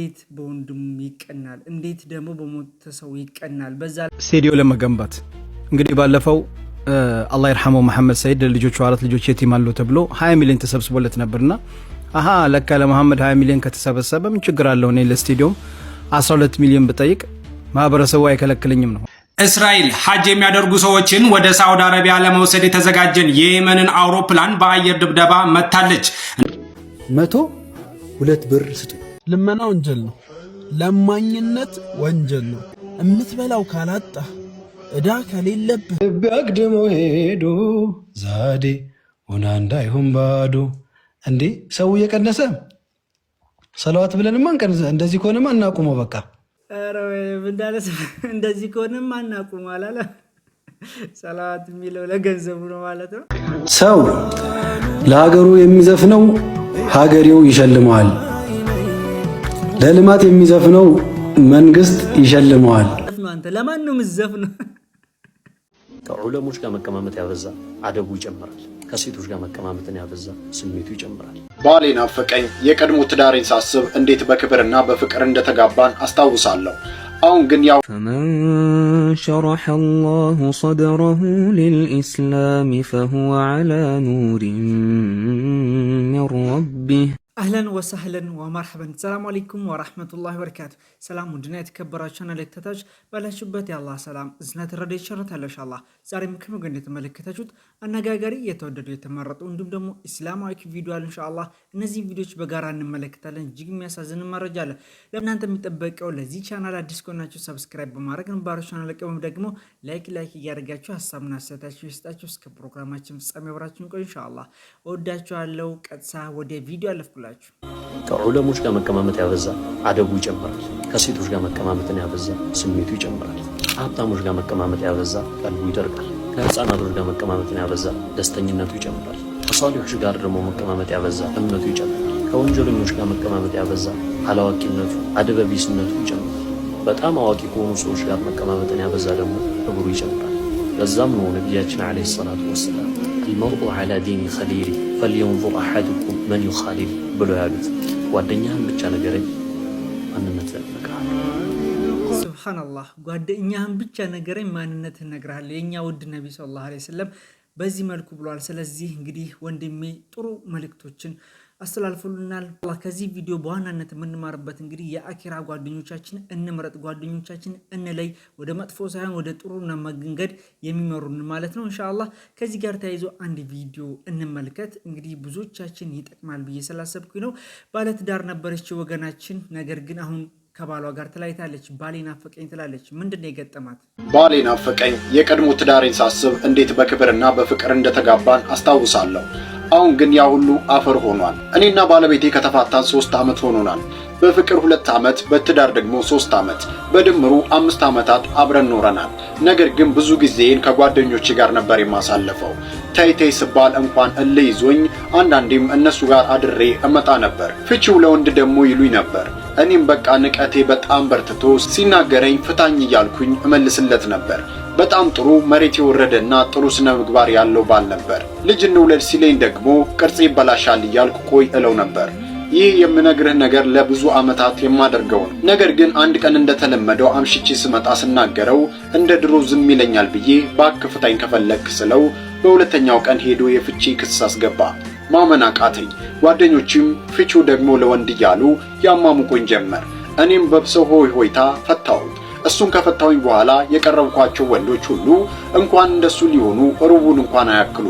እንዴት በወንድሙ ይቀናል? እንዴት ደግሞ በሞተ ሰው ይቀናል? በዛ ስቴዲዮ ለመገንባት እንግዲህ ባለፈው አላህ ይርሐመው መሐመድ ሰይድ ለልጆቹ አራት ልጆች የቲም አለው ተብሎ 20 ሚሊዮን ተሰብስቦለት ነበርና አሀ ለካ ለመሐመድ 20 ሚሊዮን ከተሰበሰበ ምን ችግር አለው? እኔ ለስቴዲዮም 12 ሚሊዮን ብጠይቅ ማህበረሰቡ አይከለክልኝም ነው። እስራኤል ሀጅ የሚያደርጉ ሰዎችን ወደ ሳውዲ አረቢያ ለመውሰድ የተዘጋጀን የየመንን አውሮፕላን በአየር ድብደባ መታለች። መቶ ሁለት ብር ስጡ ልመና ወንጀል ነው። ለማኝነት ወንጀል ነው። እምትበላው ካላጣ እዳ ከሌለብህ ቢያቅድሞ ሄዶ ዛዴ ሆና እንዳይሆን ባዶ እንዴ ሰው እየቀነሰ ሰለዋት ብለንማ እንቀንሰ። እንደዚህ ከሆነማ እናቁመው በቃ እንደዚህ ከሆነማ እናቁመው አላለ። ሰለዋት የሚለው ለገንዘቡ ነው ማለት ነው። ሰው ለሀገሩ የሚዘፍነው ሀገሬው ይሸልመዋል። ለልማት የሚዘፍነው መንግስት ይሸልመዋል። ለማን ነው የምትዘፍነው? ከዑለሞች ጋር መቀማመጥ ያበዛ አደቡ ይጨምራል። ከሴቶች ጋር መቀማመጥን ያበዛ ስሜቱ ይጨምራል። ባሌን አፈቀኝ። የቀድሞ ትዳሬን ሳስብ እንዴት በክብርና በፍቅር እንደተጋባን አስታውሳለሁ። አሁን ግን ያው ፈመን ሸረሐ አላሁ ሰድረሁ ሊልኢስላሚ ፈሁወ ዐላ ኑሪን ሚን ረቢህ اهلا وسهلا ومرحبا السلام عليكم ورحمه الله وبركاته ሰላም ውድና የተከበራችሁና ለክተታች ባላችሁበት የአላህ ሰላም እዝነት ረድኤት ቸርነት ያለሽ አላህ ዛሬም ከመገን የተመለከታችሁት አነጋጋሪ የተወደዱ የተመረጡ እንዲሁም ደግሞ ኢስላማዊ ቪዲዮ አለ። ኢንሻአላህ እነዚህ ቪዲዮዎች በጋራ እንመለከታለን። እጅግ የሚያሳዝን መረጃ አለ። ለእናንተ የሚጠበቀው ለዚህ ቻናል አዲስ ከሆናችሁ ሰብስክራይብ በማድረግ ነባሮች ቻናል ቀበም ደግሞ ላይክ ላይክ እያደረጋችሁ ሀሳብና አስተያየታችሁ ይስጣችሁ። እስከ ፕሮግራማችን ፍጻሜ አብራችሁን ቆዩ። ኢንሻአላህ እወዳችኋለሁ። ቀጥሳ ወደ ቪዲዮ አለፍኩላችሁ። ከዑለሞች ጋር መቀማመጥ ያበዛ አደቡ ይጨምራል። ከሴቶች ጋር መቀማመጥን ያበዛ ስሜቱ ይጨምራል። ከሀብታሞች ጋር መቀማመጥ ያበዛ ቀልቡ ይደርቃል። ከህፃናቶች ጋር መቀማመጥን ያበዛ ደስተኝነቱ ይጨምራል። ከሷሊዎች ጋር ደግሞ መቀማመጥ ያበዛ እምነቱ ይጨምራል። ከወንጀለኞች ጋር መቀማመጥ ያበዛ አላዋቂነቱ፣ አደበቢስነቱ ይጨምራል። በጣም አዋቂ ከሆኑ ሰዎች ጋር መቀማመጥን ያበዛ ደግሞ እግሩ ይጨምራል። ለዛም ነው ነቢያችን ዓለይሂ ሰላቱ ወሰላም አልመርኡ ዓላ ዲኒ ኸሊሊ ፈልየንዙር አሐድኩም መን ዩኻሊል ብሎ ያሉት ጓደኛህን ብቻ ንገረኝ ሱብሓነላህ ጓደኛህን ብቻ ነገረኝ ማንነት እነግርሃለሁ። የእኛ ውድ ነቢ ሰለላሁ ዓለይሂ ወሰለም በዚህ መልኩ ብሏል። ስለዚህ እንግዲህ ወንድሜ ጥሩ መልእክቶችን አስተላልፎልናል። ከዚህ ቪዲዮ በዋናነት የምንማርበት እንግዲህ የአኪራ ጓደኞቻችን እንምረጥ፣ ጓደኞቻችን እንለይ፣ ወደ መጥፎ ሳይሆን ወደ ጥሩ መንገድ የሚመሩን ማለት ነው። እንሻላ ከዚህ ጋር ተያይዞ አንድ ቪዲዮ እንመልከት። እንግዲህ ብዙዎቻችን ይጠቅማል ብዬ ስላሰብኩኝ ነው። ባለትዳር ነበረች ወገናችን፣ ነገር ግን አሁን ከባሏ ጋር ትላይታለች። ባሌ ናፈቀኝ ትላለች። ምንድን ነው የገጠማት? ባሌ ናፈቀኝ። የቀድሞ ትዳሬን ሳስብ እንዴት በክብርና በፍቅር እንደተጋባን አስታውሳለሁ አሁን ግን ያ ሁሉ አፈር ሆኗል። እኔና ባለቤቴ ከተፋታን ሶስት ዓመት ሆኖናል። በፍቅር ሁለት ዓመት በትዳር ደግሞ ሶስት ዓመት በድምሩ አምስት ዓመታት አብረን ኖረናል። ነገር ግን ብዙ ጊዜን ከጓደኞቼ ጋር ነበር የማሳለፈው። ተይተይ ስባል እንኳን እልህ ይዞኝ አንዳንዴም እነሱ ጋር አድሬ እመጣ ነበር። ፍቺው ለወንድ ደግሞ ይሉኝ ነበር። እኔም በቃ ንቀቴ በጣም በርትቶ ሲናገረኝ ፍታኝ እያልኩኝ እመልስለት ነበር። በጣም ጥሩ መሬት እና ጥሩ ስነ ምግባር ያለው ባል ነበር። ልጅ እንውለድ ሲለኝ ደግሞ ቅርጽ ይበላሻል እያልኩ ቆይ እለው ነበር። ይህ የምነግርህ ነገር ለብዙ ዓመታት የማደርገው ነው። ነገር ግን አንድ ቀን እንደተለመደው አምሽቼ ስመጣ ስናገረው እንደ ድሮ ዝም ይለኛል ብዬ በአክፍታኝ ከፈለክ ስለው በሁለተኛው ቀን ሄዶ የፍቺ ክስ አስገባ። ማመን አቃተኝ። ጓደኞችም ፍቺው ደግሞ ለወንድ እያሉ ያማሙቆኝ ጀመር። እኔም በብሰው ሆይ ሆይታ ፈታሁት። እሱን ከፈታሁኝ በኋላ የቀረብኳቸው ወንዶች ሁሉ እንኳን እንደሱ ሊሆኑ ሩቡን እንኳን አያክሉ።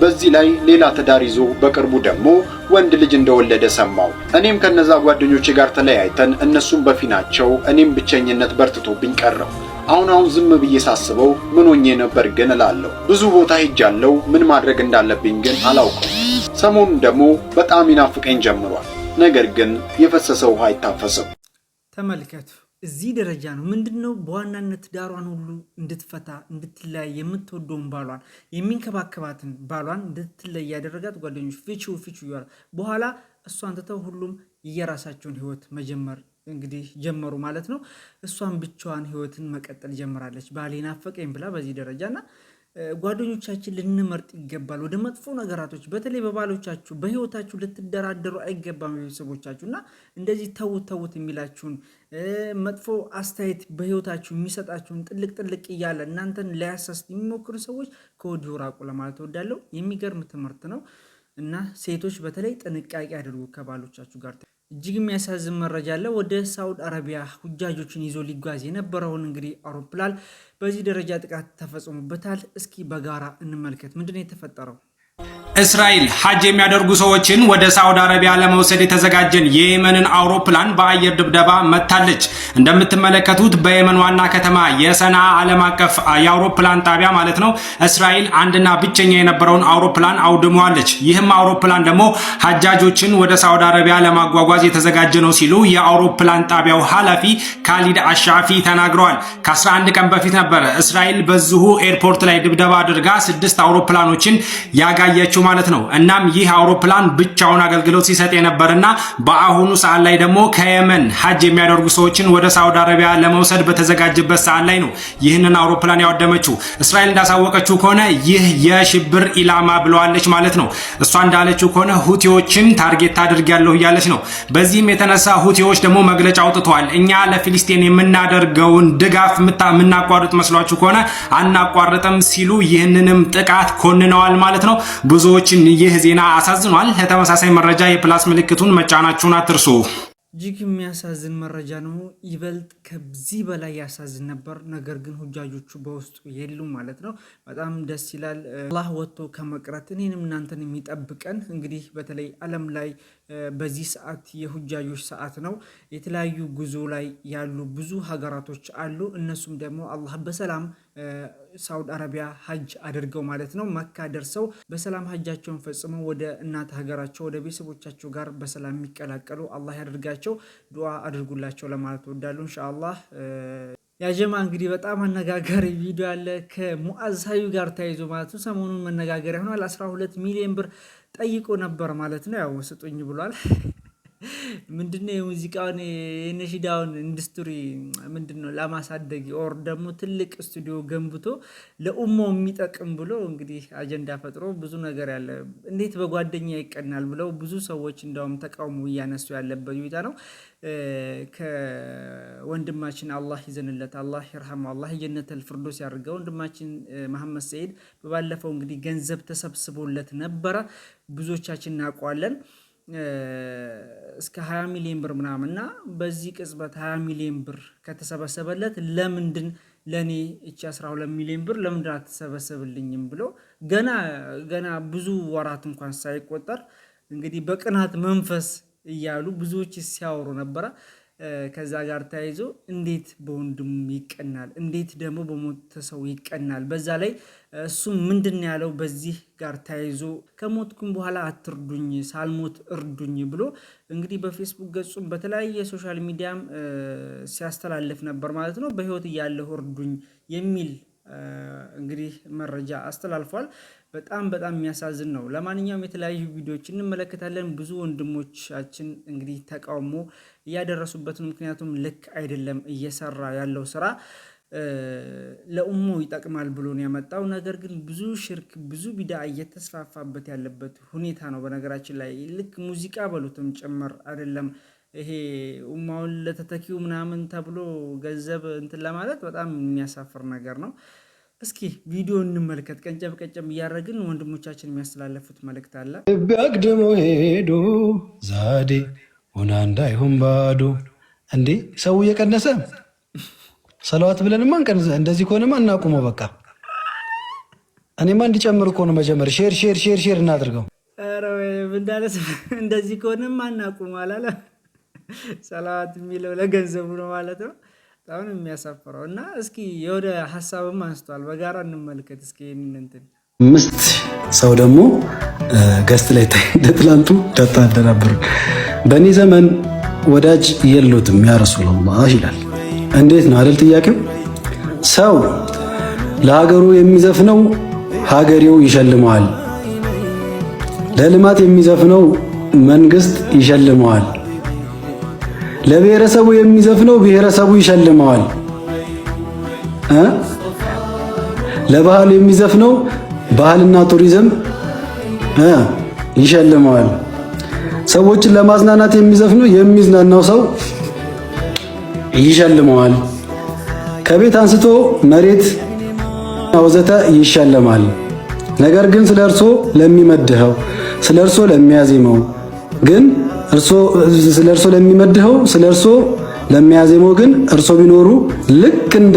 በዚህ ላይ ሌላ ትዳር ይዞ በቅርቡ ደግሞ ወንድ ልጅ እንደወለደ ሰማው። እኔም ከነዛ ጓደኞቼ ጋር ተለያይተን እነሱም በፊናቸው እኔም ብቸኝነት በርትቶብኝ ቀረው። አሁን አሁን ዝም ብዬ ሳስበው ምን ሆኜ ነበር ግን እላለሁ። ብዙ ቦታ ሄጃለሁ፣ ምን ማድረግ እንዳለብኝ ግን አላውቅም። ሰሞኑን ደግሞ በጣም ይናፍቀኝ ጀምሯል። ነገር ግን የፈሰሰ ውሃ አይታፈስም። ተመልከቱ። እዚህ ደረጃ ነው። ምንድን ነው በዋናነት ትዳሯን ሁሉ እንድትፈታ እንድትለያይ የምትወደውን ባሏን የሚንከባከባትን ባሏን እንድትለይ ያደረጋት ጓደኞች ፍቺው ፍቺው ይዋል። በኋላ እሷን ትተው ሁሉም የየራሳቸውን ህይወት መጀመር እንግዲህ ጀመሩ ማለት ነው። እሷን ብቻዋን ህይወትን መቀጠል ጀምራለች። ባሌ ናፈቀኝ ብላ በዚህ ደረጃ እና ጓደኞቻችን ልንመርጥ ይገባል። ወደ መጥፎ ነገራቶች በተለይ በባሎቻችሁ በህይወታችሁ ልትደራደሩ አይገባም። ቤተሰቦቻችሁ እና እንደዚህ ተውት ተውት የሚላችሁን መጥፎ አስተያየት በህይወታችሁ የሚሰጣችሁን ጥልቅ ጥልቅ እያለ እናንተን ሊያሳስት የሚሞክሩ ሰዎች ከወዲሁ ራቁ ለማለት እወዳለሁ። የሚገርም ትምህርት ነው እና ሴቶች በተለይ ጥንቃቄ አድርጉ ከባሎቻችሁ ጋር እጅግ የሚያሳዝን መረጃ አለ። ወደ ሳውድ አረቢያ ሁጃጆችን ይዞ ሊጓዝ የነበረውን እንግዲህ አውሮፕላን በዚህ ደረጃ ጥቃት ተፈጽሞበታል። እስኪ በጋራ እንመልከት ምንድን ነው የተፈጠረው? እስራኤል ሀጅ የሚያደርጉ ሰዎችን ወደ ሳውዲ አረቢያ ለመውሰድ የተዘጋጀን የየመንን አውሮፕላን በአየር ድብደባ መታለች። እንደምትመለከቱት በየመን ዋና ከተማ የሰና ዓለም አቀፍ የአውሮፕላን ጣቢያ ማለት ነው እስራኤል አንድና ብቸኛ የነበረውን አውሮፕላን አውድመዋለች። ይህም አውሮፕላን ደግሞ ሀጃጆችን ወደ ሳውዲ አረቢያ ለማጓጓዝ የተዘጋጀ ነው ሲሉ የአውሮፕላን ጣቢያው ኃላፊ ካሊድ አሻፊ ተናግረዋል። ከ11 ቀን በፊት ነበረ እስራኤል በዚሁ ኤርፖርት ላይ ድብደባ አድርጋ ስድስት አውሮፕላኖችን ያጋየችው ማለት ነው። እናም ይህ አውሮፕላን ብቻውን አገልግሎት ሲሰጥ የነበርና በአሁኑ ሰዓት ላይ ደግሞ ከየመን ሀጅ የሚያደርጉ ሰዎችን ወደ ሳውዲ አረቢያ ለመውሰድ በተዘጋጀበት ሰዓት ላይ ነው ይህንን አውሮፕላን ያወደመችው። እስራኤል እንዳሳወቀችው ከሆነ ይህ የሽብር ኢላማ ብለዋለች ማለት ነው። እሷ እንዳለችው ከሆነ ሁቲዎችን ታርጌት አድርጊያለሁ እያለች ነው። በዚህም የተነሳ ሁቲዎች ደግሞ መግለጫ አውጥተዋል። እኛ ለፊሊስጤን የምናደርገውን ድጋፍ የምናቋርጥ መስሏችሁ ከሆነ አናቋርጥም ሲሉ ይህንንም ጥቃት ኮንነዋል ማለት ነው ብዙ ብዙዎችን ይህ ዜና አሳዝኗል። ለተመሳሳይ መረጃ የፕላስ ምልክቱን መጫናችሁን አትርሱ። እጅግ የሚያሳዝን መረጃ ነው። ይበልጥ ከዚህ በላይ ያሳዝን ነበር። ነገር ግን ሁጃጆቹ በውስጡ የሉ ማለት ነው። በጣም ደስ ይላል። አላህ ወጥቶ ከመቅረት እኔንም እናንተን የሚጠብቀን። እንግዲህ በተለይ ዓለም ላይ በዚህ ሰዓት የሁጃጆች ሰዓት ነው። የተለያዩ ጉዞ ላይ ያሉ ብዙ ሀገራቶች አሉ። እነሱም ደግሞ አላህ በሰላም ሳውዲ አረቢያ ሀጅ አድርገው ማለት ነው መካ ደርሰው በሰላም ሀጃቸውን ፈጽመው ወደ እናት ሀገራቸው ወደ ቤተሰቦቻቸው ጋር በሰላም የሚቀላቀሉ አላህ ያደርጋቸው። ዱዓ አድርጉላቸው ለማለት ወዳሉ ኢንሻአላህ። ያጀማ እንግዲህ በጣም አነጋጋሪ ቪዲዮ አለ ከሙአዝ ጋር ተያይዞ ማለት ነው። ሰሞኑን መነጋገሪያ ሆኗል። 12 ሚሊዮን ብር ጠይቆ ነበር ማለት ነው። ያው ስጡኝ ብሏል። ምንድነው የሙዚቃውን የነሽዳውን ኢንዱስትሪ ምንድነው ለማሳደግ ኦር ደግሞ ትልቅ ስቱዲዮ ገንብቶ ለኡሞ የሚጠቅም ብሎ እንግዲህ አጀንዳ ፈጥሮ ብዙ ነገር ያለ እንዴት በጓደኛ ይቀናል ብለው ብዙ ሰዎች እንደውም ተቃውሞ እያነሱ ያለበት ሁኔታ ነው። ከወንድማችን አላህ ይዘንለት አላህ ይርሐመው አላህ ጀነተል ፊርዶስ ያድርገው። ወንድማችን መሐመድ ሰይድ በባለፈው እንግዲህ ገንዘብ ተሰብስቦለት ነበረ ብዙዎቻችን እናውቀዋለን። እስከ 20 ሚሊዮን ብር ምናምን እና በዚህ ቅጽበት 20 ሚሊዮን ብር ከተሰበሰበለት ለምንድን ለእኔ እቺ 12 ሚሊዮን ብር ለምንድን አትሰበሰብልኝም ብሎ ገና ገና ብዙ ወራት እንኳን ሳይቆጠር እንግዲህ በቅናት መንፈስ እያሉ ብዙዎች ሲያወሩ ነበረ። ከዛ ጋር ተያይዞ እንዴት በወንድሙ ይቀናል? እንዴት ደግሞ በሞተ ሰው ይቀናል? በዛ ላይ እሱም ምንድን ያለው በዚህ ጋር ተያይዞ ከሞትኩም በኋላ አትርዱኝ፣ ሳልሞት እርዱኝ ብሎ እንግዲህ በፌስቡክ ገጹም በተለያየ ሶሻል ሚዲያም ሲያስተላልፍ ነበር ማለት ነው። በህይወት እያለሁ እርዱኝ የሚል እንግዲህ መረጃ አስተላልፏል። በጣም በጣም የሚያሳዝን ነው። ለማንኛውም የተለያዩ ቪዲዮዎች እንመለከታለን። ብዙ ወንድሞቻችን እንግዲህ ተቃውሞ እያደረሱበትን፣ ምክንያቱም ልክ አይደለም እየሰራ ያለው ስራ ለኡሞ ይጠቅማል ብሎ ነው ያመጣው። ነገር ግን ብዙ ሽርክ ብዙ ቢዳ እየተስፋፋበት ያለበት ሁኔታ ነው። በነገራችን ላይ ልክ ሙዚቃ በሉትም ጭምር አይደለም ይሄ ኡማውን ለተተኪው ምናምን ተብሎ ገንዘብ እንትን ለማለት በጣም የሚያሳፍር ነገር ነው። እስኪ ቪዲዮ እንመልከት። ቀንጨብ ቀንጨብ እያደረግን ወንድሞቻችን የሚያስተላለፉት መልእክት አለ። ቢያቅድሞ ሄዶ ዛዴ ሆና እንዳይሆን ባዶ እንዴ ሰው እየቀነሰ ሰለዋት ብለንማ እንቀንሰ እንደዚህ ከሆነማ እናቁመ በቃ። እኔማ እንዲጨምር ከሆነ መጀመር ሼር ሼር ሼር ሼር እናድርገው። ኧረ እንደዚህ ከሆነማ እናቁመ አላለም ሰላዋት የሚለው ለገንዘቡ ነው ማለት ነው። በጣም የሚያሳፍረው እና እስኪ የወደ ሀሳብም አንስቷል። በጋራ እንመልከት እስኪ እንትን አምስት ሰው ደግሞ ገስት ላይ ለትላንቱ ዳታ አደናብር በእኔ ዘመን ወዳጅ የሉትም ያረሱ ረሱላላህ ይላል። እንዴት ነው አደል ጥያቄው? ሰው ለሀገሩ የሚዘፍነው ሀገሬው ይሸልመዋል፣ ለልማት የሚዘፍነው መንግስት ይሸልመዋል ለብሔረሰቡ የሚዘፍነው ብሔረሰቡ ይሸልመዋል። ለባህሉ የሚዘፍነው ባህልና ቱሪዝም ይሸልመዋል። ሰዎችን ለማዝናናት የሚዘፍነው የሚዝናናው ሰው ይሸልመዋል። ከቤት አንስቶ መሬት አውዘተ ይሸለማል። ነገር ግን ስለ እርሶ ለሚመድኸው ስለ እርሶ ለሚያዜመው ግን ስለ እርሶ ለሚመድኸው ስለ እርሶ ለሚያዜመው ግን እርሶ ቢኖሩ ልክ እንደ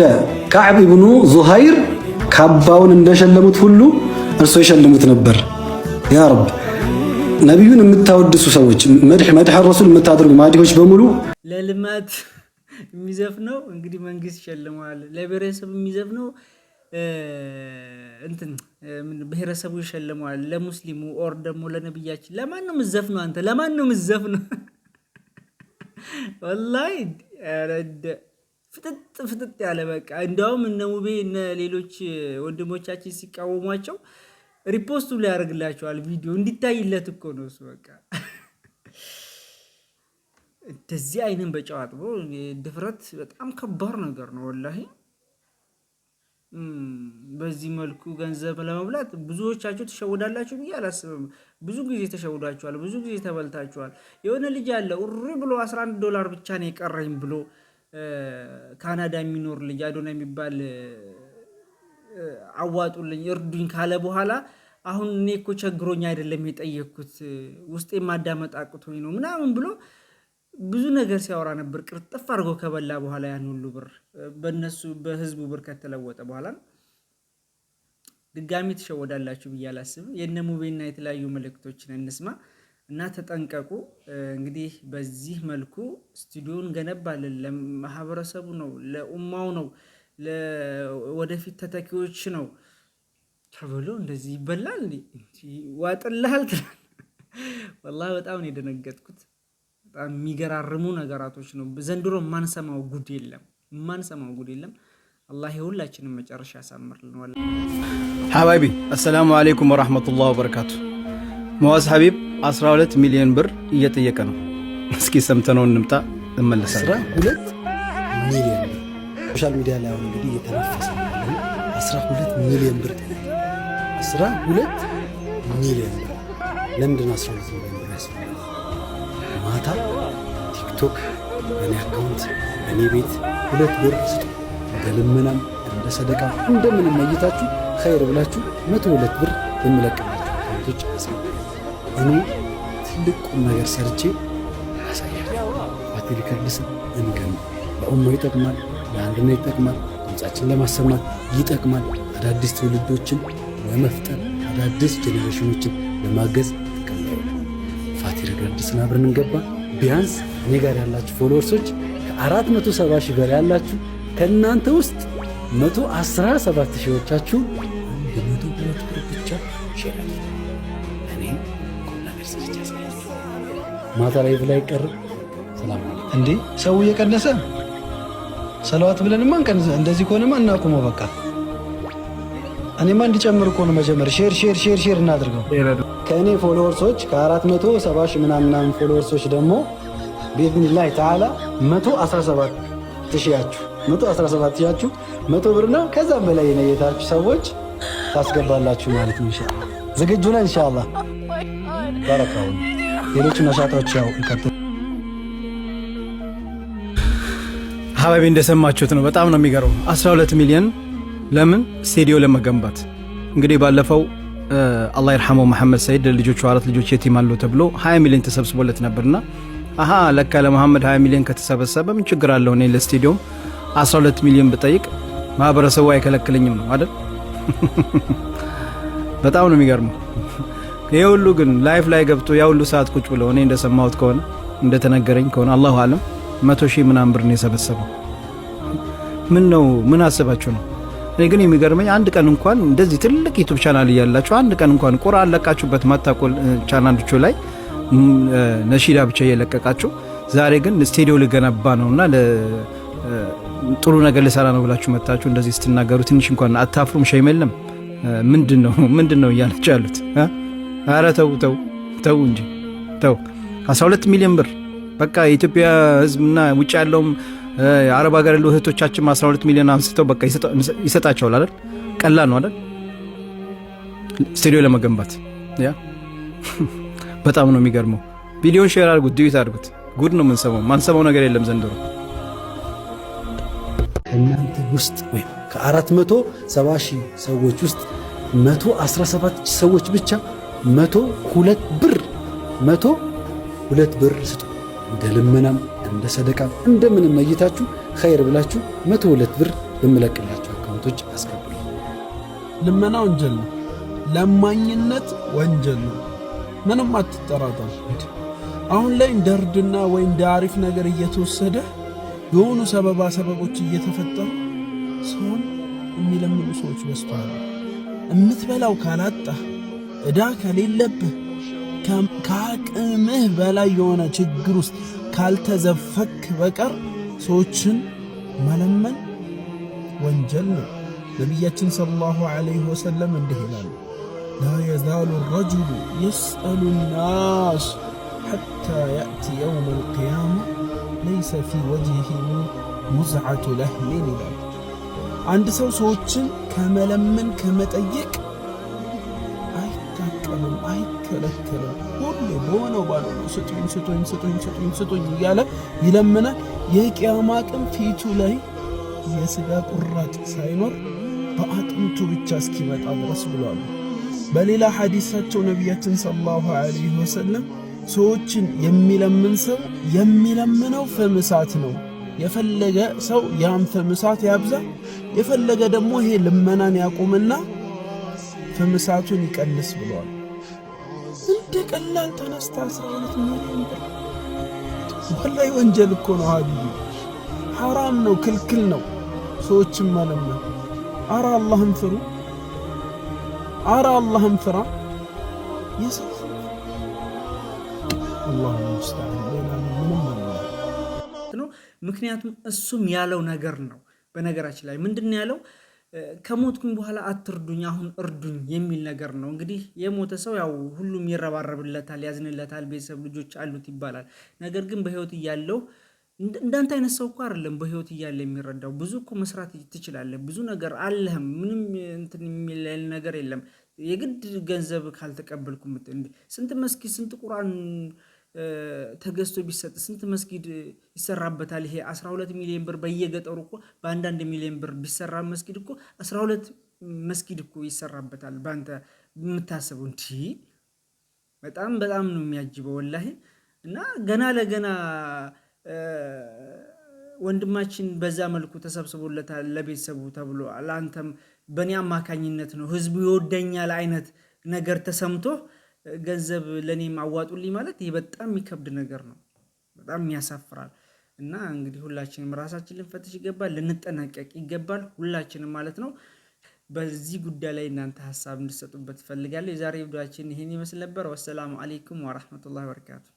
ከዕብ ኢብኑ ዙሃይር ካባውን እንደሸለሙት ሁሉ እርሶ ይሸልሙት ነበር። ያ ረብ ነቢዩን የምታወድሱ ሰዎች መድህ መድህ ረሱል የምታደርጉ ማዲሆች በሙሉ ለልማት የሚዘፍነው እንግዲህ መንግስት ይሸልመዋል። ለብሔረሰብ የሚዘፍነው እንትን ብሔረሰቡ ይሸልመዋል። ለሙስሊሙ ኦር ደግሞ ለነብያችን ለማንም ነው አንተ? ለማንም ነው የምትዘፍነው? ወላሂ ፍጥጥ ፍጥጥ ያለ በቃ። እንዲያውም እነ ሙቤ እነ ሌሎች ወንድሞቻችን ሲቃወሟቸው ሪፖስቱ ሊያደርግላቸዋል ቪዲዮ እንዲታይለት እኮ ነው እሱ። በቃ እንደዚህ አይንን በጨዋጥቦ ድፍረት በጣም ከባድ ነገር ነው ወላሂ። በዚህ መልኩ ገንዘብ ለመብላት ብዙዎቻችሁ ትሸውዳላችሁ ብዬ አላስብም። ብዙ ጊዜ ተሸውዳችኋል፣ ብዙ ጊዜ ተበልታችኋል። የሆነ ልጅ አለ ሪ ብሎ 11 ዶላር ብቻ ነው የቀረኝ ብሎ ካናዳ የሚኖር ልጅ አዶና የሚባል አዋጡልኝ፣ እርዱኝ ካለ በኋላ አሁን እኔ እኮ ቸግሮኝ አይደለም የጠየኩት ውስጤ ማዳመጥ አቅቶኝ ነው ምናምን ብሎ ብዙ ነገር ሲያወራ ነበር። ቅርጥፍ አድርጎ ከበላ በኋላ ያን ሁሉ ብር በነሱ በህዝቡ ብር ከተለወጠ በኋላ ድጋሚ ትሸወዳላችሁ ብዬ አላስብ የነ ሙቤና የተለያዩ መልእክቶችን እንስማ እና ተጠንቀቁ። እንግዲህ በዚህ መልኩ ስቱዲዮን ገነባለን። ለማህበረሰቡ ነው፣ ለኡማው ነው፣ ወደፊት ተተኪዎች ነው ተብሎ እንደዚህ ይበላል። ዋጥልሃል ትላል። ወላሂ በጣም ነው የደነገጥኩት። በጣም የሚገራርሙ ነገራቶች ነው። ዘንድሮ የማንሰማው ጉድ የለም፣ የማንሰማው ጉድ የለም። አላህ የሁላችንም መጨረሻ ያሳምርልን። ሀባይቢ አሰላሙ አሌይኩም ወራህመቱላህ ወበረካቱ። መዋዝ ሀቢብ 12 ሚሊዮን ብር እየጠየቀ ነው። እስኪ ሰምተነው እንምጣ። እመለሳለሁ። ሚሊዮን ብር ሶሻል ሚዲያ ላይ አሁን እንግዲህ እየተነፈሰ 12 ሚሊዮን ብር ጠየቀ። 12 ሚሊዮን ብር ለምንድን 12 ሚሊዮን ብር ያስፈልጋል? ማታ ቲክቶክ በእኔ አካውንት በእኔ ቤት ሁለት ብር ስጡ፣ ልመናም እንደ ሰደቃ እንደምንም ነይታችሁ ኸይር ብላችሁ መቶ ሁለት ብር በምለቅባቸው አካውንቶች አስገ እኔ ትልቅ ቁም ነገር ሰርቼ ያሳያል። ፋቲል ከድስን እንገም ለኡማ ይጠቅማል፣ ለአንድነት ይጠቅማል፣ ድምፃችን ለማሰማት ይጠቅማል፣ አዳዲስ ትውልዶችን ለመፍጠር አዳዲስ ጄኔሬሽኖችን ለማገዝ ጥቅም ላይ ፋቲል ከድስን አብረን እንገባል። ቢያንስ እኔ ጋር ያላችሁ ፎሎወርሶች ከ ሰባ ሺህ ጋር ያላችሁ ከእናንተ ውስጥ 117 ሺዎቻችሁ በመቶ ሁለት ብር ብቻ እኔ ማታ ላይ ብላ ይቀር ሰላም እንዴ ሰው እየቀነሰ ሰለዋት ብለንማ እንቀንሰ እንደዚህ ከሆነማ እናቁመው በቃ እኔማ እንዲጨምር እኮ ነው መጀመር ሼር ሼር ሼር ሼር እናድርገው ከእኔ ፎሎወርሶች ከ470 ሺህ ምናምናም ፎሎወርሶች ደግሞ ቢኢዝኒላህ ተዓላ 117 ሺያችሁ 117 ሺያችሁ መቶ ብርና ከዛም በላይ የነየታችሁ ሰዎች ታስገባላችሁ ማለት ነው። ኢንሻአላህ ዝግጁ ነን። ኢንሻአላህ ባረካው። ሌሎቹ ነሻታዎች ያው ይቀጥል። ሀባቢ እንደሰማችሁት ነው። በጣም ነው የሚገርመው 12 ሚሊዮን ለምን ስቴዲዮ ለመገንባት እንግዲህ ባለፈው አላህ ይርሐመው መሐመድ ሰይድ ልጆቹ አራት ልጆች የቲም አለው ተብሎ 20 ሚሊዮን ተሰብስቦለት ነበርና አሀ ለካ ለመሐመድ 20 ሚሊዮን ከተሰበሰበ ምን ችግር አለው? እኔ ለስቴዲዮም 12 ሚሊዮን ብጠይቅ ማህበረሰቡ አይከለክለኝም ነው አይደል? በጣም ነው የሚገርመው። ይህ ሁሉ ግን ላይፍ ላይ ገብቶ ያ ሁሉ ሰዓት ቁጭ ብለው እኔ እንደሰማሁት ከሆነ እንደተነገረኝ ከሆነ አላሁ አለም መቶ ሺህ ምናምን ብር ነው የሰበሰበው። ምን ነው ምን አስባችሁ ነው እኔ ግን የሚገርመኝ አንድ ቀን እንኳን እንደዚህ ትልቅ ዩቱብ ቻናል እያላችሁ አንድ ቀን እንኳን ቁራ አለቃችሁበት ማታቆል ቻናሎቹ ላይ ነሺዳ ብቻ እየለቀቃችሁ ዛሬ ግን ስቴዲዮ ልገነባ ነው እና ጥሩ ነገር ልሰራ ነው ብላችሁ መታችሁ እንደዚህ ስትናገሩ ትንሽ እንኳን አታፍሩም? ሸይም የለም? ምንድን ነው ምንድን ነው እያለች ያሉት? አረ ተው ተው ተው እንጂ ተው። 12 ሚሊዮን ብር በቃ የኢትዮጵያ ህዝብና ውጭ ያለውም የአረብ ሀገር ያሉ እህቶቻችን 12 ሚሊዮን አንስተው በቃ ይሰጣቸዋል አይደል? ቀላል ነው አይደል? ስቱዲዮ ለመገንባት ያ በጣም ነው የሚገርመው። ቢሊዮን ሼር አድርጉት፣ ድዩት አድርጉት። ጉድ ነው የምንሰማው። ማንሰማው ነገር የለም ዘንድሮ ከእናንተ ውስጥ ወይም ከአራት መቶ ሰባ ሺህ ሰዎች ውስጥ መቶ አስራ ሰባት ሺህ ሰዎች ብቻ መቶ ሁለት ብር መቶ ሁለት ብር ስጡ እንደ ልመናም እንደ ሰደቃ እንደምንም መይታችሁ ኸይር ብላችሁ መቶ ሁለት ብር በምለቅላቸው አካውንቶች አስገብሉ። ልመና ወንጀል ነው። ለማኝነት ወንጀል ነው። ምንም አትጠራጠር። አሁን ላይ እንደ እርድና ወይ እንደ አሪፍ ነገር እየተወሰደ የሆኑ ሰበባ ሰበቦች እየተፈጠሩ ሰውን የሚለምኑ ሰዎች በስተዋል። እምትበላው ካላጣ ዕዳ ከሌለብህ ከአቅምህ በላይ የሆነ ችግር ውስጥ ካልተዘፈክ በቀር ሰዎችን መለመን ወንጀል ነው። ነቢያችን ሰለላሁ ዐለይሂ ወሰለም እንዲህ ይላሉ፣ ላ የዛሉ ረጅሉ የስአሉ ናስ ሐታ ያእቲ የውም አልቅያማ ለይሰ ፊ ወጅሂ ሙዝዓቱ ለህሚን ይላሉ። አንድ ሰው ሰዎችን ከመለመን ከመጠየቅ አይባልም፣ አይከለከለ ሁሉ በሆነው ባልሆነው ስጡኝ ስጡኝ ስጡኝ ስጡኝ ስጡኝ እያለ ይለምናል። የቂያማ ቀን ፊቱ ላይ የስጋ ቁራጭ ሳይኖር በአጥንቱ ብቻ እስኪመጣ ድረስ ብሏሉ። በሌላ ሐዲሳቸው ነቢያችን ሰለላሁ ዐለይሂ ወሰለም ሰዎችን የሚለምን ሰው የሚለምነው ፈምሳት ነው። የፈለገ ሰው ያን ፈምሳት ያብዛ፣ የፈለገ ደግሞ ይሄ ልመናን ያቁምና ፈምሳቱን ይቀንስ ብሏል። እንደ ቀላል ተነስታ አስራ ሁለት ሚሊዮን ብር ወላሂ ወንጀል እኮ ነው። ሀቢቢ ሐራም ነው፣ ክልክል ነው። ሰዎችም መለመን አረ አላህም ፍሩ፣ አረ አላህም ፍራ። የሰው አላህ ሙስተዓን ምክንያቱም እሱም ያለው ነገር ነው። በነገራችን ላይ ምንድን ያለው ከሞትኩኝ በኋላ አትርዱኝ፣ አሁን እርዱኝ የሚል ነገር ነው። እንግዲህ የሞተ ሰው ያው ሁሉም ይረባረብለታል፣ ያዝንለታል፣ ቤተሰብ ልጆች አሉት ይባላል። ነገር ግን በህይወት እያለው እንዳንተ አይነት ሰው እኮ አይደለም በህይወት እያለ የሚረዳው። ብዙ እኮ መስራት ትችላለህ፣ ብዙ ነገር አለህም፣ ምንም እንትን የሚለል ነገር የለም። የግድ ገንዘብ ካልተቀበልኩ ስንት መስኪ ስንት ቁርአን ተገዝቶ ቢሰጥ ስንት መስጊድ ይሰራበታል? ይሄ 12 ሚሊዮን ብር በየገጠሩ እኮ በአንዳንድ ሚሊዮን ብር ቢሰራ መስጊድ እኮ 12 መስጊድ እኮ ይሰራበታል። በአንተ የምታስቡ እንዲ በጣም በጣም ነው የሚያጅበው ወላሂ። እና ገና ለገና ወንድማችን በዛ መልኩ ተሰብስቦለታል ለቤተሰቡ ተብሎ ለአንተም በእኔ አማካኝነት ነው ህዝቡ ይወደኛል አይነት ነገር ተሰምቶ ገንዘብ ለእኔ አዋጡልኝ ማለት ይህ በጣም የሚከብድ ነገር ነው። በጣም ያሳፍራል። እና እንግዲህ ሁላችንም ራሳችን ልንፈትሽ ይገባል፣ ልንጠናቀቅ ይገባል። ሁላችንም ማለት ነው። በዚህ ጉዳይ ላይ እናንተ ሀሳብ እንድሰጡበት እፈልጋለሁ። የዛሬ ቪዲዮአችን ይህን ይመስል ነበር። ወሰላሙ አሌይኩም ወራህመቱላሂ ወበረካቱ።